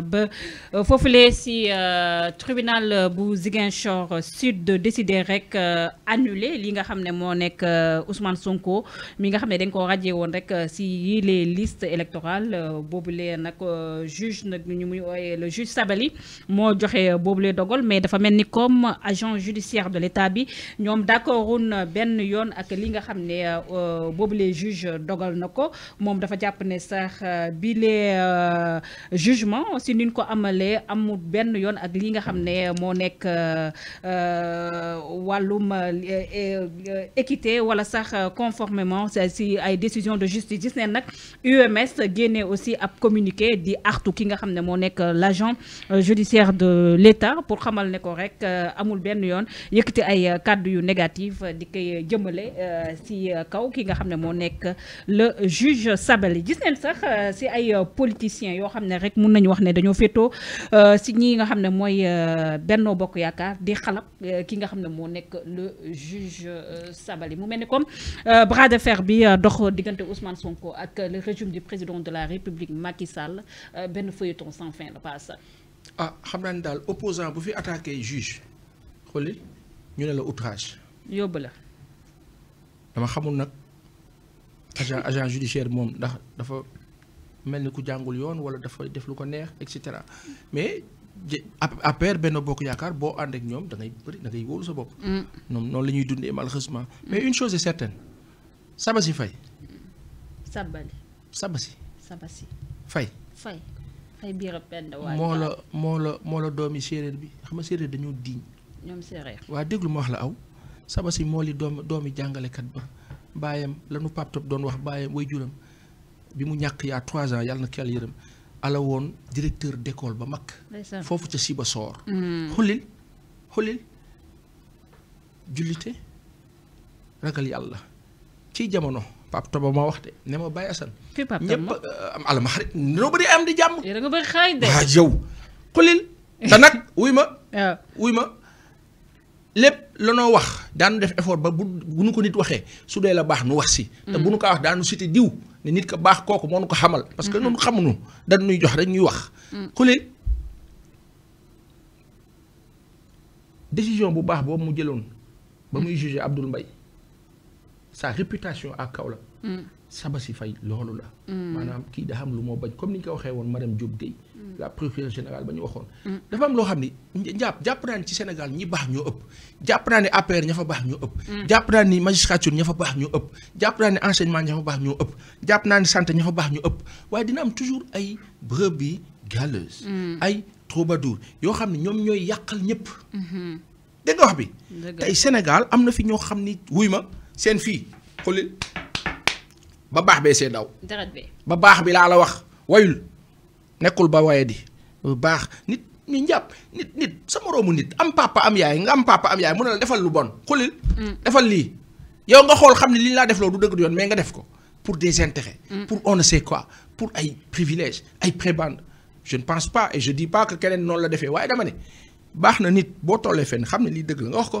ba euh, foofulee si euh, tribunal bu Ziguinchor sud décidé rek euh, annuler li nga xamné mo nek Ousmane Sonko mi nga xamné ne dañ koo ràjjee woon rek si yile liste électorale boobule nak juge nak ñu muy ooyee le juge Sabali moo joxe boobule dogal mais dafa melni ni comme agent judiciaire de l'état bi d'accord d'accordun ben yoon ak li nga xamné ne juge dogal nako mom dafa japp né sax bile jugement si nous ko amalé amul benn ak li nga ne euh, euh, euh, wala conformément si décision de justice UMS aussi communiqué di artu ki nga judiciaire de l'État pour xamal ko rek amul benn yoon yëkëti ay négatif si kaw ki nga le juge Sabali. gis né sax si ay politiciens rek dañoo féetoo euh, si ñi nga xam ne mooy euh, Benno Bokk Yaakaar di xalab euh, ki nga xam ne le juge Sabali mu mel comme bras de fer bi dox diggante Ousmane Sonko ak le régime du président de la République Macky Sall benn feuilleton sans fin la passe ah xam opposant bu fi attaquer juge xoli ñu ne la outrage yóbbu la dama xamul nag agent agent judiciaire moom ndax dafa mel ni ku wala dafa def ko neex mais il benn bokk yaakaar boo ànd ak ñoom da ngay bëri da ngay wóolu sa bopp. Mm. malheureusement. Mm. mais une chose est certaine Sabasi Faye. Sabali. Sabasi va Faye. Faye Faye biir moo la moo la moo la doomi séeréer bi xam nga séeréer diñ. ñoom séeréer. waa déglu ma wax la aw moo li doomi jàngalekat ba bi mu ñàkk yaa trois ans yàlla na ko yàlla yërëm ala directeur d'école ba mag foofu ca siba soor mm. xulil jullite ragal yàlla ci jamono Pape Toba ma wax de ne ma Baye Assane ñépp euh, am alama xarit noo bëri am di jàmm waa yow xulil te nag wuy ma wuy ma lépp wax daanu def effort ba bu bu nu ko nit waxee su dee la baax nu wax si te mm. bu nu kaa wax daanu cité diw ne nit ko baax kooku moo nu ko xamal. parce que mm-hmm. noonu xamuñu dañ ñuy jox rek ñuy wax. xule mm. décision bu baax boobu mu jëloon. ba muy mm. jugé Abdoul mbay sa réputation ak kaw Kaolack. Mm. Sabasy Faye loolu la. maanaam kii da xam lu moo bañ comme ni ñu ko waxee woon ma madame Diop Guèye. la procureur général ba ñu waxoon. dafa am loo xam ni jàpp jàpp naa ni ci Sénégal ñi baax ñoo ëpp. jàpp naa ne APR ña fa baax ñoo ëpp. Mm. jàpp naa ni magistrature ña fa baax ñoo ëpp. naa ne enseignement ña fa baax jàpp naa ne santé ña fa baax ñoo ëpp waaye dina am toujours ay brebis galeuses. Mm. ay troubadours yoo xam ne ñoom ñooy yàqal ñëpp. Mm-hmm. dégg nga wax bi. tey Sénégal am na fi ñoo xam ni wuy ma seen fii xoolil ba baax bee see daw. ba baax bi laa la wax wayul. nekul ba waye di bu baax nit ni njàpp nit nit sa moroomu nit am papa am yaay nga am papa am yaay mu ne la defal lu bon xulil mm. defal li yow nga xol xamni li la def lo du deug du yoon mais nga def ko pour des intérêts mm. pour on ne sait quoi pour ay privilèges ay prébande je ne pense pas et je dis pas que keneen non la defee waye dama ne baxna nit bo tollee fenn xamni li deug la nga wax ko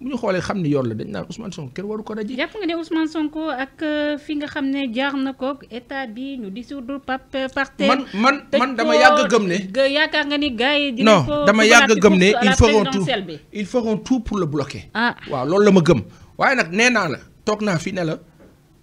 bu ñu xoolee xam ni yoon la dañ naan Ousmane Sonko kenn waru ko raji. jàpp nga ne Ousmane Sonko ak euh, fi nga xam ne jaar na ko état bi ñu dissoudre parti. man man man dama yàgg gëm ne. yaakaar nga ni gars yi. dinañ ko non dama yàgg gëm ne ils feront tout ils feront tout pour la bloquer. ah waaw loolu la ma gëm waaye nag nee naa la toog naa fi ne la.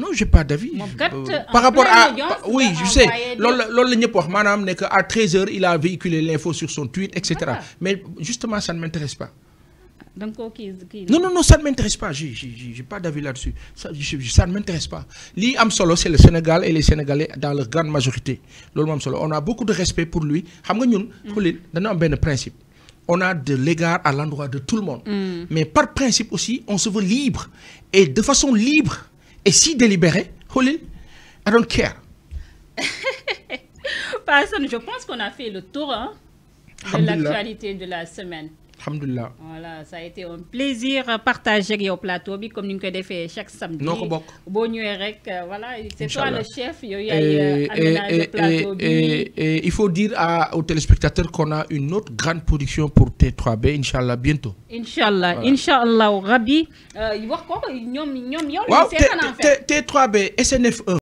non j'ai pas d'avis euh, par rapport à oui je sais loolu loolu madame, à 13 h il a véhiculé l'info sur son tweet etc mais justement ça ne m'intéresse pas non non non ça ne m'intéresse pas Je n'ai pas d'avis là-dessus ça ne m'intéresse pas Lui, c'est le Sénégal et les Sénégalais dans leur grande majorité on a beaucoup de respect pour lui xam nga un mm. principe on a de l'égard à l'endroit de tout le monde mm. mais par principe aussi on se veut libre et de façon libre et si délibéré, Holly. I don't care. Personne, je pense qu'on a fait le tour hein, de l'actualité de la semaine voilà ça a été un plaisir partager partager au plateau comme nous l'avons fait chaque samedi. Euh, voilà. c'est toi le chef euh, et il faut dire aux téléspectateurs qu'on a une autre grande production pour T3B Inch'Allah, bientôt. Inch'Allah, inshallah, au rabi. wax ko T T3B SNF1.